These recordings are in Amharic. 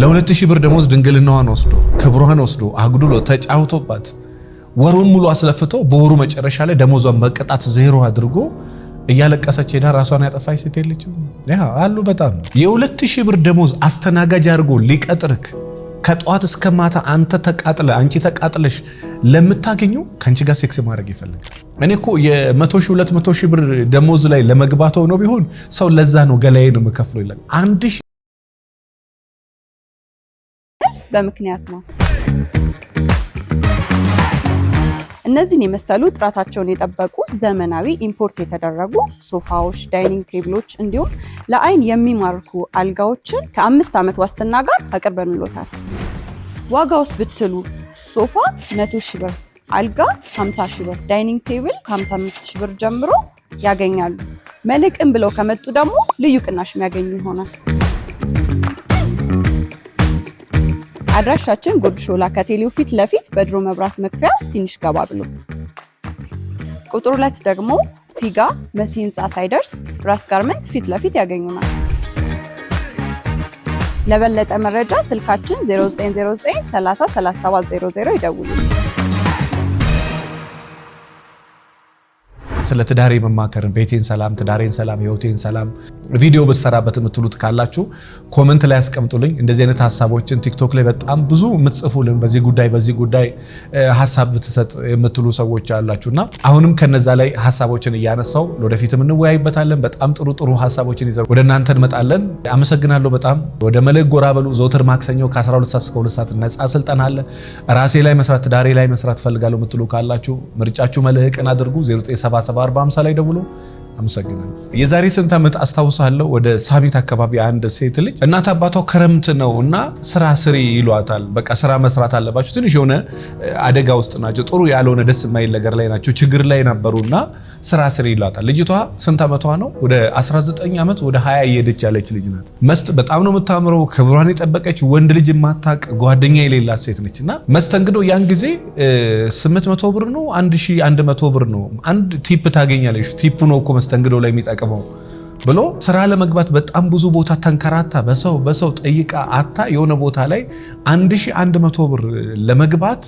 ለሁለት ሺህ ብር ደሞዝ ድንግልናዋን ወስዶ ክብሯን ወስዶ አጉድሎ ተጫውቶባት ወሩን ሙሉ አስለፍቶ በወሩ መጨረሻ ላይ ደሞዟን በቅጣት ዜሮ አድርጎ እያለቀሰች ሄዳ ራሷን ያጠፋች ሴት የለችም አሉ። በጣም የሁለት ሺህ ብር ደሞዝ አስተናጋጅ አድርጎ ሊቀጥርክ ከጠዋት እስከ ማታ አንተ ተቃጥለ አንቺ ተቃጥለሽ ለምታገኙ ከአንቺ ጋር ሴክስ ማድረግ ይፈልጋል። እኔ እኮ የመቶ ሺህ ሁለት መቶ ሺህ ብር ደሞዝ ላይ ለመግባት ሆኖ ቢሆን ሰው ለዛ ነው ገላዬ ነው የምከፍለው ይላል። አንድ በምክንያት ነው። እነዚህን የመሰሉ ጥራታቸውን የጠበቁ ዘመናዊ ኢምፖርት የተደረጉ ሶፋዎች፣ ዳይኒንግ ቴብሎች እንዲሁም ለአይን የሚማርኩ አልጋዎችን ከአምስት ዓመት ዋስትና ጋር አቅርበንሎታል። ውስጥ ብትሉ ሶፋ 100 ሺህ ብር፣ አልጋ 50 ሺህ ብር፣ ዳይኒንግ ቴብል ከ55 ብር ጀምሮ ያገኛሉ። መልሕቅን ብለው ከመጡ ደግሞ ልዩ ቅናሽ የሚያገኙ ይሆናል። አድራሻችን ጉርድ ሾላ ከቴሌው ፊት ለፊት በድሮ መብራት መክፈያ ትንሽ ገባ ብሎ፣ ቁጥር ሁለት ደግሞ ፊጋ መሲ ህንፃ ሳይደርስ ራስ ጋርመንት ፊት ለፊት ያገኙናል። ለበለጠ መረጃ ስልካችን 0909 30 00 ይደውሉ። ስለ ትዳሬ መማከርን ቤቴን ሰላም፣ ትዳሬን ሰላም፣ ህይወቴን ሰላም ቪዲዮ ብትሰራበት የምትሉት ካላችሁ ኮመንት ላይ ያስቀምጡልኝ። እንደዚህ አይነት ሀሳቦችን ቲክቶክ ላይ በጣም ብዙ የምትጽፉልን በዚህ ጉዳይ በዚህ ጉዳይ ሀሳብ ብትሰጥ የምትሉ ሰዎች አላችሁ እና አሁንም ከነዛ ላይ ሀሳቦችን እያነሳው ወደፊትም እንወያይበታለን። በጣም ጥሩ ጥሩ ሀሳቦችን ይዘ ወደ እናንተ እንመጣለን። አመሰግናለሁ በጣም ወደ መልሕቅ ጎራ በሉ። ዘውትር ማክሰኞ ከ12 እስከ 2 ሰዓት ነፃ ስልጠና አለ። ራሴ ላይ መስራት ትዳሬ ላይ መስራት ፈልጋለሁ የምትሉ ካላችሁ ምርጫችሁ መልህቅን አድርጉ 0977 በ4050 ላይ ደውሎ አመሰግናለሁ። የዛሬ ስንት ዓመት አስታውሳለሁ፣ ወደ ሳሚት አካባቢ አንድ ሴት ልጅ እናት አባቷ ክረምት ነው እና ስራ ስሪ ይሏታል። በቃ ስራ መስራት አለባቸው። ትንሽ የሆነ አደጋ ውስጥ ናቸው። ጥሩ ያልሆነ ደስ የማይል ነገር ላይ ናቸው። ችግር ላይ ነበሩና ስራ ስሪ ይሏታል። ልጅቷ ስንት ዓመቷ ነው? ወደ 19 ዓመት ወደ 20 እየሄደች ያለች ልጅ ናት። መስጥ በጣም ነው የምታምረው፣ ክብሯን የጠበቀች ወንድ ልጅ የማታቅ ጓደኛ የሌላት ሴት ነች። እና መስተንግዶ ያን ጊዜ 800 ብር ነው 1100 ብር ነው አንድ ቲፕ ታገኛለች። ቲፑ ነው እኮ መስተንግዶ ላይ የሚጠቅመው ብሎ ስራ ለመግባት በጣም ብዙ ቦታ ተንከራታ፣ በሰው በሰው ጠይቃ አታ የሆነ ቦታ ላይ 1100 ብር ለመግባት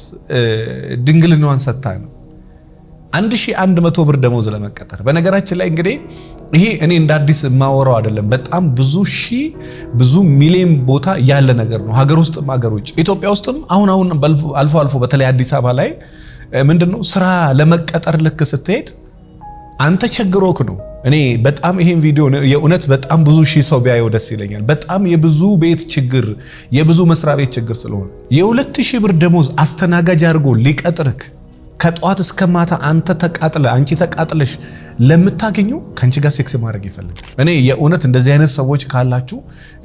ድንግልናዋን ሰታ። ነው 1100 ብር ደሞዝ ለመቀጠር። በነገራችን ላይ እንግዲህ ይሄ እኔ እንደ አዲስ የማወራው አይደለም። በጣም ብዙ ሺ ብዙ ሚሊዮን ቦታ ያለ ነገር ነው፣ ሀገር ውስጥም ሀገር ውጭ፣ ኢትዮጵያ ውስጥም አሁን አሁን አልፎ አልፎ በተለይ አዲስ አበባ ላይ ምንድነው ስራ ለመቀጠር ልክ ስትሄድ አንተ ቸግሮክ ነው። እኔ በጣም ይሄን ቪዲዮ የእውነት በጣም ብዙ ሺህ ሰው ቢያየው ደስ ይለኛል። በጣም የብዙ ቤት ችግር፣ የብዙ መስሪያ ቤት ችግር ስለሆነ የሁለት ሺህ ብር ደሞዝ አስተናጋጅ አድርጎ ሊቀጥርክ ከጠዋት እስከ ማታ አንተ ተቃጥለ አንቺ ተቃጥለሽ ለምታገኙ ከአንቺ ጋር ሴክስ ማድረግ ይፈልግ። እኔ የእውነት እንደዚህ አይነት ሰዎች ካላችሁ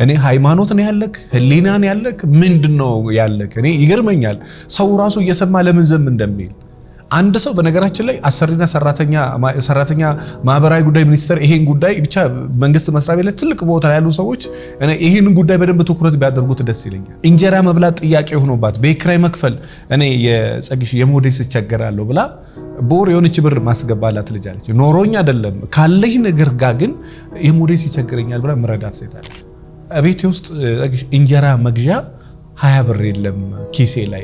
እኔ ሃይማኖት ነው ያለክ፣ ህሊናን ያለክ፣ ምንድን ነው ያለክ? እኔ ይገርመኛል ሰው ራሱ እየሰማ ለምን ዘም እንደሚል አንድ ሰው በነገራችን ላይ አሰሪና ሰራተኛ ሰራተኛ ማህበራዊ ጉዳይ ሚኒስቴር ይሄን ጉዳይ ብቻ መንግስት መስሪያ ቤት ላይ ትልቅ ቦታ ያሉ ሰዎች ይህን ጉዳይ በደንብ ትኩረት ቢያደርጉት ደስ ይለኛል። እንጀራ መብላት ጥያቄ ሆኖባት ቤት ኪራይ መክፈል እኔ የጸግሽ የሞዴስ ይቸገራለሁ ብላ ቦር የሆነች ብር ማስገባላት ልጃለች። ኖሮኝ አይደለም ካለኝ ነገር ጋር ግን የሞዴስ ይቸግረኛል ብላ ምረዳት ሴታለች። ቤቴ ውስጥ እንጀራ መግዣ ሀያ ብር የለም ኪሴ ላይ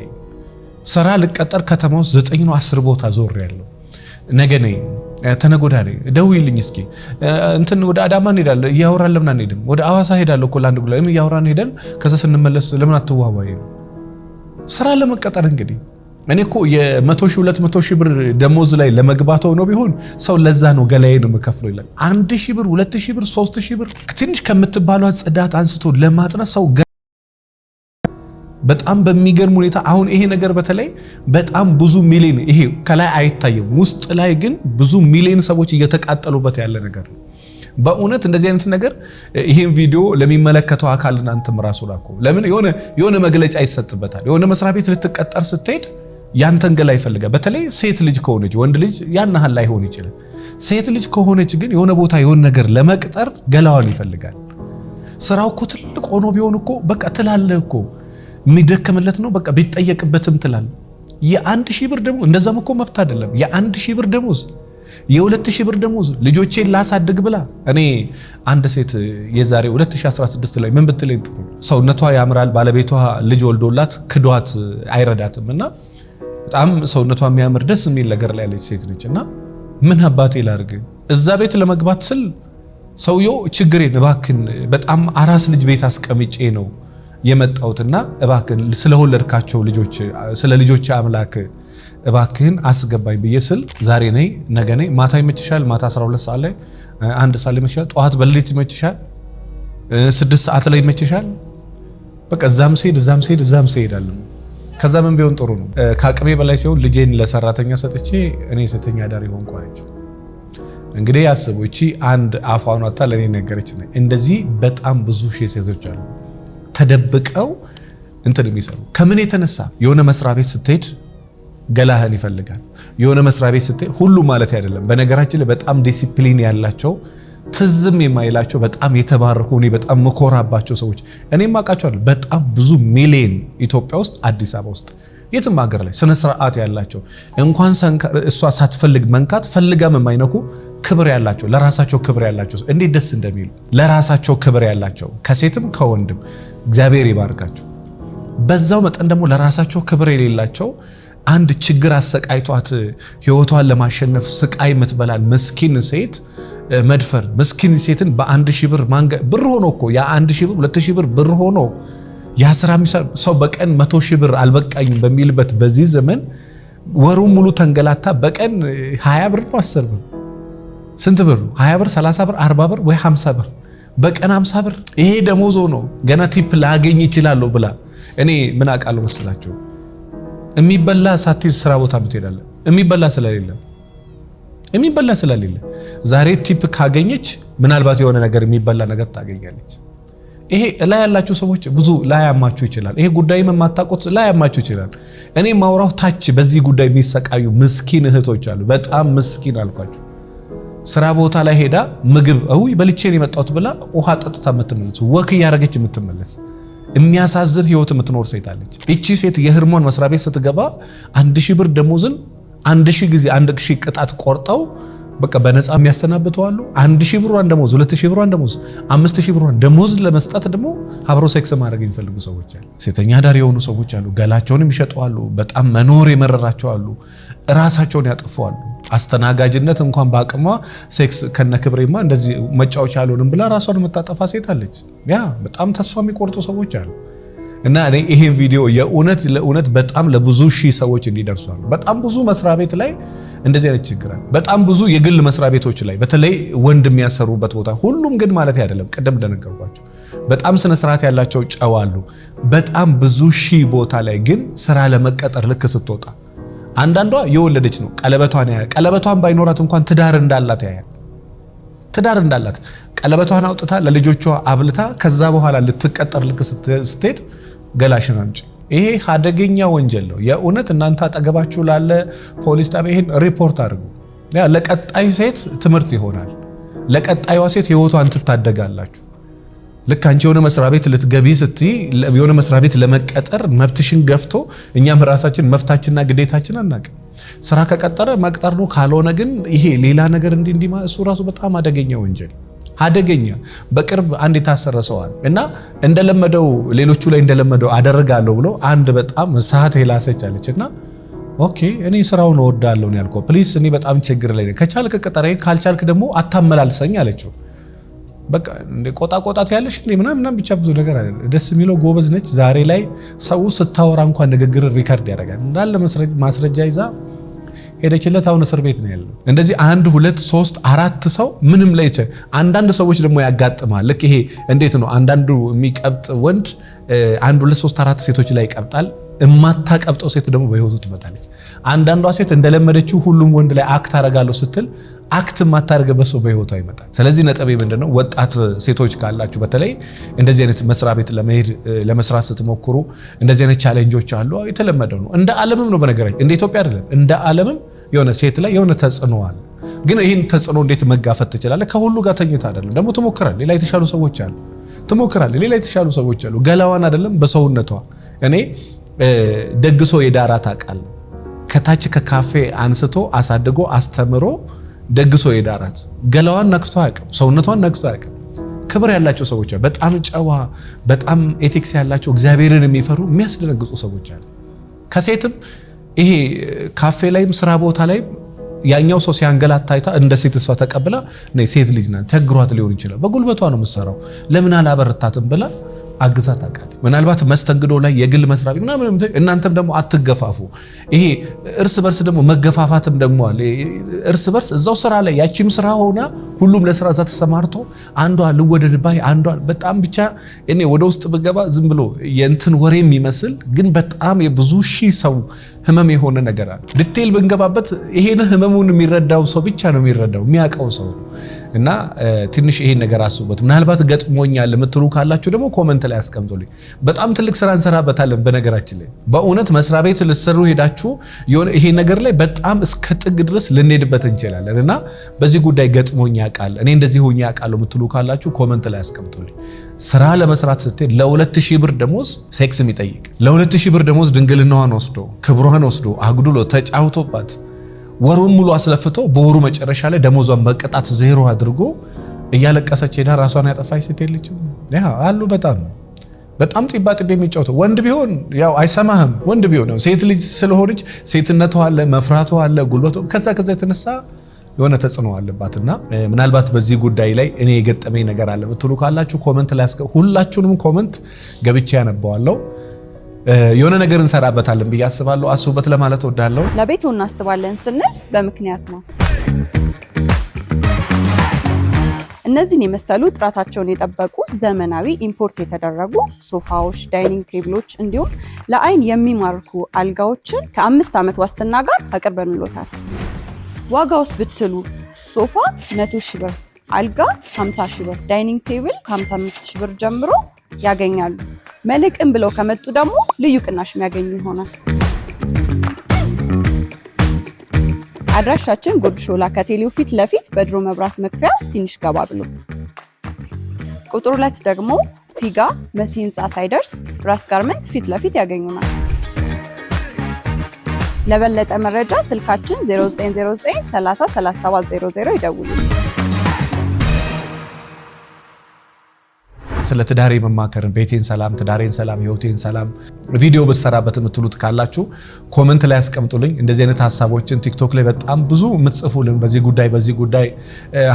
ስራ ልቀጠር ከተማ ውስጥ ዘጠኝ ነው አስር ቦታ ዞር ያለው ነገ ነኝ ተነጎዳ ነኝ ደውዪልኝ እስኪ እንትን ወደ አዳማ እንሄዳለን እያወራን ለምን አንሄድም? ወደ አዋሳ ሄዳለሁ እኮ ለአንድ ጉዳይ እያወራን ሄደን ከዛ ስንመለስ ለምን አትዋዋይ? ስራ ለመቀጠር እንግዲህ እኔ እኮ የመቶ ሺህ ሁለት መቶ ሺህ ብር ደሞዝ ላይ ለመግባት ሆኖ ቢሆን ሰው ለዛ ነው ገላዬ ነው የምከፍለው ይላል። አንድ ሺህ ብር ሁለት ሺህ ብር ሶስት ሺህ ብር ትንሽ ከምትባሏ ጽዳት አንስቶ ለማጥነት ሰው በጣም በሚገርም ሁኔታ አሁን ይሄ ነገር በተለይ በጣም ብዙ ሚሊዮን ይሄ ከላይ አይታየም፣ ውስጥ ላይ ግን ብዙ ሚሊዮን ሰዎች እየተቃጠሉበት ያለ ነገር ነው። በእውነት እንደዚህ አይነት ነገር ይሄን ቪዲዮ ለሚመለከተው አካል እናንተም ራሱ ላኩ። ለምን የሆነ መግለጫ ይሰጥበታል። የሆነ መስሪያ ቤት ልትቀጠር ስትሄድ ያንተን ገላ ይፈልጋል። በተለይ ሴት ልጅ ከሆነች ወንድ ልጅ ያናህል ላይሆን ይችላል። ሴት ልጅ ከሆነች ግን የሆነ ቦታ የሆነ ነገር ለመቅጠር ገላዋን ይፈልጋል። ስራው እኮ ትልቅ ሆኖ ቢሆን እኮ በቃ ትላለህ እኮ የሚደከምለት ነው። በቃ ቢጠየቅበትም ትላል። የአንድ ሺህ ብር ደሞዝ እንደዛም እኮ መብት አይደለም። የአንድ ሺህ ብር ደሞዝ የሁለት ሺህ ብር ደሞዝ ልጆቼን ላሳድግ ብላ እኔ አንድ ሴት የዛሬ 2016 ላይ ምን ብትለኝ ጥሩ ሰውነቷ ያምራል፣ ባለቤቷ ልጅ ወልዶላት ክዷት አይረዳትም እና በጣም ሰውነቷ የሚያምር ደስ የሚል ነገር ላይ ያለች ሴት ነች እና ምን አባቴ ላርግ እዛ ቤት ለመግባት ስል ሰውየው ችግሬን እባክን በጣም አራስ ልጅ ቤት አስቀምጬ ነው የመጣሁትና እባክህን ስለወለድካቸው ልጆች ስለ ልጆች አምላክ እባክህን አስገባኝ ብዬ ስል ዛሬ ነይ ነገ ነይ ማታ ይመችሻል፣ ማታ 12 ሰዓት ላይ አንድ ሰዓት ላይ ይመችሻል፣ ጠዋት በሌሊት ይመችሻል፣ ስድስት ሰዓት ላይ ይመችሻል። በቃ እዛም ስሄድ እዛም ስሄድ እዛም ስሄዳለሁ። ከዛ ምን ቢሆን ጥሩ ነው። ከአቅሜ በላይ ሲሆን ልጄን ለሰራተኛ ሰጥቼ እኔ ሴተኛ አዳሪ ሆንኩ አለች። እንግዲህ ያስቡ፣ እቺ አንድ አፏኗታ ለእኔ ነገረች። እንደዚህ በጣም ብዙ ሺህ ሴቶች አሉ። ተደብቀው እንትን የሚሰሩ ከምን የተነሳ የሆነ መስሪያ ቤት ስትሄድ ገላህን ይፈልጋል። የሆነ መስሪያ ቤት ስትሄድ ሁሉ ማለት አይደለም። በነገራችን ላይ በጣም ዲሲፕሊን ያላቸው ትዝም የማይላቸው በጣም የተባረኩ እኔ በጣም መኮራባቸው ሰዎች እኔም አውቃቸዋለሁ። በጣም ብዙ ሚሊየን ኢትዮጵያ ውስጥ አዲስ አበባ ውስጥ የትም ሀገር ላይ ስነ ስርዓት ያላቸው እንኳን እሷ ሳትፈልግ መንካት ፈልጋም የማይነኩ ክብር ያላቸው ለራሳቸው ክብር ያላቸው እንዴት ደስ እንደሚሉ ለራሳቸው ክብር ያላቸው ከሴትም ከወንድም እግዚአብሔር ይባርካቸው። በዛው መጠን ደግሞ ለራሳቸው ክብር የሌላቸው አንድ ችግር አሰቃይቷት ህይወቷን ለማሸነፍ ስቃይ የምትበላል ምስኪን ሴት መድፈር ምስኪን ሴትን በአንድ ሺህ ብር ማንገ ብር ሆኖ እኮ የአንድ ሺህ ብር ሁለት ሺህ ብር ብር ሆኖ የአስራ አምስት ሰው በቀን መቶ ሺህ ብር አልበቃኝም በሚልበት በዚህ ዘመን ወሩን ሙሉ ተንገላታ በቀን ሀያ ብር ነው አስር ብር ስንት ብር ነው ሀያ ብር ሰላሳ ብር አርባ ብር ወይ ሀምሳ ብር በቀን 50 ብር ይሄ ደሞዞ ነው፣ ገና ቲፕ ላገኝ ይችላለሁ ብላ እኔ ምን አውቃለሁ መስላችሁ? የሚበላ ሳትይዝ ስራ ቦታ ምትሄዳለ? የሚበላ ስለሌለ የሚበላ ስለሌለ ዛሬ ቲፕ ካገኘች ምናልባት የሆነ ነገር የሚበላ ነገር ታገኛለች። ይሄ ላይ ያላችሁ ሰዎች ብዙ ላያማችሁ ይችላል። ይሄ ጉዳይም የማታውቁት ላያማችሁ ይችላል። እኔ ማውራው ታች በዚህ ጉዳይ የሚሰቃዩ ምስኪን እህቶች አሉ። በጣም ምስኪን አልኳችሁ። ስራ ቦታ ላይ ሄዳ ምግብ እዊ በልቼን የመጣሁት ብላ ውሃ ጠጥታ የምትመለስ ወክ እያደረገች የምትመለስ የሚያሳዝን ህይወት የምትኖር ሴት አለች። ይቺ ሴት የህርሞን መስሪያ ቤት ስትገባ አንድ ሺህ ብር ደሞዝን አንድ ሺህ ጊዜ አንድ ሺህ ቅጣት ቆርጠው በቃ በነፃ የሚያሰናብተዋሉ። አንድ ሺህ ብሯን ደሞዝ፣ ሁለት ሺህ ብሯን ደሞዝ፣ አምስት ሺህ ብሯን ደሞዝ ለመስጠት ደግሞ አብሮ ሴክስ ማድረግ የሚፈልጉ ሰዎች አሉ። ሴተኛ አዳሪ የሆኑ ሰዎች አሉ። ገላቸውን የሚሸጠዋሉ። በጣም መኖር የመረራቸው አሉ። ራሳቸውን ያጥፈዋሉ። አስተናጋጅነት እንኳን በአቅሟ ሴክስ ከነ ክብሬማ እንደዚህ መጫወቻ አልሆንም ብላ ራሷን የምታጠፋ ሴት አለች። ያ በጣም ተስፋ የሚቆርጡ ሰዎች አሉ። እና እኔ ይሄን ቪዲዮ የእውነት ለእውነት በጣም ለብዙ ሺህ ሰዎች እንዲደርሷል። በጣም ብዙ መስሪያ ቤት ላይ እንደዚህ አይነት ችግር አለ። በጣም ብዙ የግል መስሪያ ቤቶች ላይ በተለይ ወንድ የሚያሰሩበት ቦታ፣ ሁሉም ግን ማለት አይደለም። ቅድም እንደነገርኳቸው በጣም ስነ ስርዓት ያላቸው ጨዋሉ። በጣም ብዙ ሺህ ቦታ ላይ ግን ስራ ለመቀጠር ልክ ስትወጣ አንዳንዷ የወለደች ነው። ቀለበቷን ያያል። ቀለበቷን ባይኖራት እንኳን ትዳር እንዳላት ያያል። ትዳር እንዳላት ቀለበቷን አውጥታ ለልጆቿ አብልታ ከዛ በኋላ ልትቀጠር ልክ ስትሄድ ገላሽን አምጪ። ይሄ አደገኛ ወንጀል ነው። የእውነት እናንተ አጠገባችሁ ላለ ፖሊስ ጣቢያ ይህን ሪፖርት አድርጉ። ለቀጣዩ ሴት ትምህርት ይሆናል። ለቀጣዩዋ ሴት ህይወቷን ትታደጋላችሁ። ልክ አንቺ የሆነ መስሪያ ቤት ልትገቢ ስቲ የሆነ መስሪያ ቤት ለመቀጠር መብትሽን ገፍቶ እኛም ራሳችን መብታችንና ግዴታችን አናውቅም። ስራ ከቀጠረ መቅጠር ነው፣ ካልሆነ ግን ይሄ ሌላ ነገር እንዲ እንዲ እሱ ራሱ በጣም አደገኛ ወንጀል አደገኛ። በቅርብ አንድ የታሰረ ሰዋል እና እንደለመደው ሌሎቹ ላይ እንደለመደው አደርጋለሁ ብሎ አንድ በጣም ሰዓት ሄላሰች አለች እና ኦኬ እኔ ስራውን እወዳለሁ ነው ፕሊስ እኔ በጣም ችግር ላይ ከቻልክ ቅጠረኝ፣ ካልቻልክ ደግሞ አታመላልሰኝ አለችው። በቃ እንደ ቆጣ ቆጣ ያለሽ እንዴ ምናምን ምናምን ብቻ ብዙ ነገር አለ። ደስ የሚለው ጎበዝ ነች። ዛሬ ላይ ሰው ስታወራ እንኳን ንግግር ሪካርድ ያደርጋል። እንዳለ ማስረጃ ይዛ ሄደችለት። አሁን እስር ቤት ነው ያለው። እንደዚህ አንድ ሁለት ሶስት አራት ሰው ምንም ላይ አንዳንድ ሰዎች ደግሞ ያጋጥማል። ልክ ይሄ እንዴት ነው? አንዳንዱ የሚቀብጥ ወንድ አንድ ሁለት ሶስት አራት ሴቶች ላይ ይቀብጣል። እማታቀብጠው ሴት ደግሞ በህይወቱ ትመጣለች። አንዳንዷ ሴት እንደለመደችው ሁሉም ወንድ ላይ አክት አደርጋለሁ ስትል አክት የማታደርግበት ሰው በህይወቷ ይመጣል። ስለዚህ ነጥቤ ምንድን ወጣት ሴቶች ካላችሁ በተለይ እንደዚህ አይነት መስሪያ ቤት ለመሄድ ለመስራት ስትሞክሩ እንደዚህ አይነት ቻሌንጆች አሉ። የተለመደው ነው። እንደ ዓለምም ነው በነገራችን፣ እንደ ኢትዮጵያ አይደለም። እንደ ዓለምም የሆነ ሴት ላይ የሆነ ተጽዕኖ አለ። ግን ይህን ተጽዕኖ እንዴት መጋፈት ትችላለህ? ከሁሉ ጋር ተኝታ አይደለም። ደግሞ ትሞክራል። ሌላ የተሻሉ ሰዎች አሉ። ትሞክራል። ሌላ የተሻሉ ሰዎች አሉ። ገላዋን አይደለም በሰውነቷ እኔ ደግሶ የዳራት አቃል ከታች ከካፌ አንስቶ አሳድጎ አስተምሮ ደግሶ የዳራት ገላዋን ነክቶ አያውቅም። ሰውነቷን ነክቶ አያውቅም። ክብር ያላቸው ሰዎች በጣም ጨዋ፣ በጣም ኤቲክስ ያላቸው እግዚአብሔርን የሚፈሩ የሚያስደነግጹ ሰዎች አሉ። ከሴትም ይሄ ካፌ ላይም ስራ ቦታ ላይም ያኛው ሰው ሲያንገላት ታይታ እንደ ሴት እሷ ተቀብላ ሴት ልጅ ናት ቸግሯት ሊሆን ይችላል። በጉልበቷ ነው የምትሰራው። ለምን አላበረታትም ብላ አግዛ ታውቃለች። ምናልባት መስተንግዶ ላይ የግል መስራት ምናምን እናንተም ደግሞ አትገፋፉ። ይሄ እርስ በርስ ደግሞ መገፋፋትም ደግሞ አለ። እርስ በርስ እዛው ስራ ላይ ያቺም ስራ ሆና ሁሉም ለስራ እዛ ተሰማርቶ አንዷ ልወደድ ባይ አንዷ በጣም ብቻ እኔ ወደ ውስጥ ብገባ ዝም ብሎ የእንትን ወሬ የሚመስል ግን በጣም የብዙ ሺህ ሰው ህመም የሆነ ነገር አለ። ድቴል ብንገባበት ይሄን ህመሙን የሚረዳው ሰው ብቻ ነው የሚረዳው የሚያውቀው ሰው ነው። እና ትንሽ ይሄን ነገር አስቡበት። ምናልባት ገጥሞኛል የምትሉ ካላችሁ ደግሞ ኮመንት ላይ አስቀምጡልኝ። በጣም ትልቅ ስራ እንሰራበታለን። በነገራችን ላይ በእውነት መስሪያ ቤት ልትሰሩ ሄዳችሁ ይሄ ነገር ላይ በጣም እስከ ጥግ ድረስ ልንሄድበት እንችላለን እና በዚህ ጉዳይ ገጥሞኛ ቃል እኔ እንደዚህ ሆኜ አውቃለሁ የምትሉ ካላችሁ ኮመንት ላይ አስቀምጡልኝ። ስራ ለመስራት ስትሄድ ለሁለት ሺህ ብር ደሞዝ ሴክስ የሚጠይቅ ለሁለት ሺህ ብር ደሞዝ ድንግልናዋን ወስዶ ክብሯን ወስዶ አጉድሎ ተጫውቶባት ወሩን ሙሉ አስለፍቶ በወሩ መጨረሻ ላይ ደሞዟን በቅጣት ዜሮ አድርጎ እያለቀሰች ሄዳ ራሷን ያጠፋች ሴት የለችም አሉ። በጣም በጣም ጢባ ጢብ የሚጫወተው ወንድ ቢሆን ያው አይሰማህም። ወንድ ቢሆን ሴት ልጅ ስለሆነች ሴትነቷ አለ፣ መፍራቷ አለ፣ ጉልበቷ ከዛ ከዛ የተነሳ የሆነ ተጽዕኖ አለባት እና ምናልባት በዚህ ጉዳይ ላይ እኔ የገጠመኝ ነገር አለ ብትሉ ካላችሁ ኮመንት ላይ ሁላችሁንም ኮመንት ገብቼ ያነባዋለሁ። የሆነ ነገር እንሰራበታለን ብዬ አስባለሁ። አስቡበት ለማለት እወዳለሁ። ለቤቱ እናስባለን ስንል በምክንያት ነው። እነዚህን የመሰሉ ጥራታቸውን የጠበቁ ዘመናዊ ኢምፖርት የተደረጉ ሶፋዎች፣ ዳይኒንግ ቴብሎች እንዲሁም ለአይን የሚማርኩ አልጋዎችን ከአምስት ዓመት ዋስትና ጋር አቅርበንሎታል። ዋጋ ውስጥ ብትሉ ሶፋ 100 ሺ ብር፣ አልጋ 50 ሺ ብር፣ ዳይኒንግ ቴብል ከ55 ሺ ብር ጀምሮ ያገኛሉ። መልሕቅን ብለው ከመጡ ደግሞ ልዩ ቅናሽ የሚያገኙ ይሆናል። አድራሻችን ጉርድ ሾላ ከቴሌው ፊት ለፊት በድሮ መብራት መክፈያ ትንሽ ገባ ብሎ ቁጥር ሁለት ደግሞ ፊጋ መሲ ህንፃ ሳይደርስ ራስ ጋርመንት ፊት ለፊት ያገኙናል። ለበለጠ መረጃ ስልካችን 0909 30 00 ይደውሉ። ስለ ትዳሬ መማከርን ቤቴን ሰላም፣ ትዳሬን ሰላም፣ ህይወቴን ሰላም ቪዲዮ ብትሰራበት የምትሉት ካላችሁ ኮመንት ላይ ያስቀምጡልኝ። እንደዚህ አይነት ሀሳቦችን ቲክቶክ ላይ በጣም ብዙ የምትጽፉልን በዚህ ጉዳይ በዚህ ጉዳይ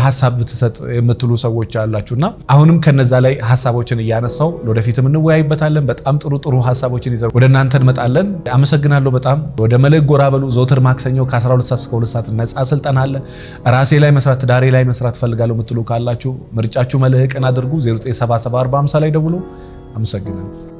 ሀሳብ ብትሰጥ የምትሉ ሰዎች እና አሁንም ከነዛ ላይ ሀሳቦችን እያነሳው ወደፊት እንወያይበታለን። በጣም ጥሩ ጥሩ ሀሳቦችን ይዘ ወደ እናንተ እንመጣለን። አመሰግናለሁ በጣም ወደ መልሕቅ ጎራ በሉ። ዘውትር ማክሰኞ ከ12 ሰዓት እስከ 2 ሰዓት ነፃ ስልጠና አለ። ራሴ ላይ መስራት ትዳሬ ላይ መስራት ፈልጋለሁ የምትሉ ካላችሁ ምርጫችሁ መልህቅን አድርጉ 0977 በ4050 ላይ ደውሉ። አመሰግናለሁ።